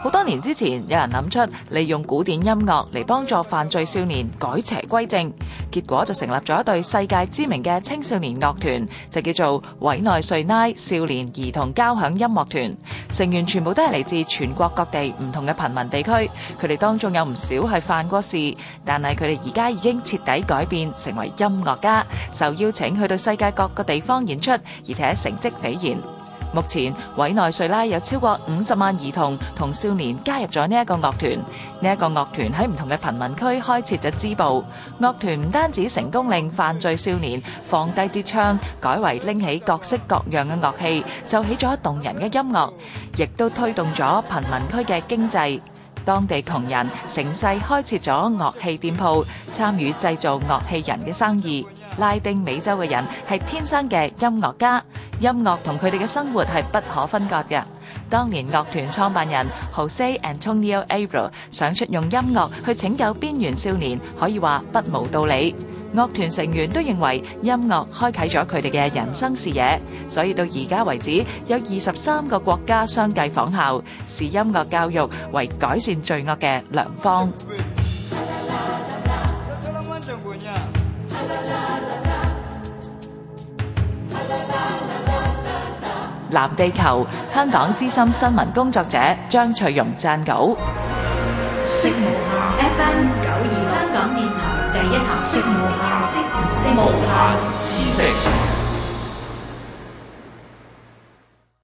好多年之前，有人諗出利用古典音樂嚟幫助犯罪少年改邪歸正，結果就成立咗一隊世界知名嘅青少年樂團，就叫做委內瑞拉少年兒童交響音樂團。成員全部都係嚟自全國各地唔同嘅貧民地區，佢哋當中有唔少係犯過事，但係佢哋而家已經徹底改變，成為音樂家，受邀請去到世界各個地方演出，而且成績斐然。目前委內瑞拉有超過五十萬兒童同少年加入咗呢一個樂團，呢一個樂團喺唔同嘅貧民區開設咗支部。樂團唔單止成功令犯罪少年放低支槍，改為拎起各式各樣嘅樂器，奏起咗動人嘅音樂，亦都推動咗貧民區嘅經濟。當地窮人成世開設咗樂器店鋪，參與製造樂器人嘅生意。拉丁美洲嘅人係天生嘅音樂家，音樂同佢哋嘅生活係不可分割嘅。當年樂團創辦人 Jose Antonio Abreu 想出用音樂去拯救邊緣少年，可以話不無道理。樂團成員都認為音樂開啟咗佢哋嘅人生視野，所以到而家為止有二十三個國家相繼仿效，視音樂教育為改善罪惡嘅良方。藍地球，香港資深新聞工作者張翠容撰稿。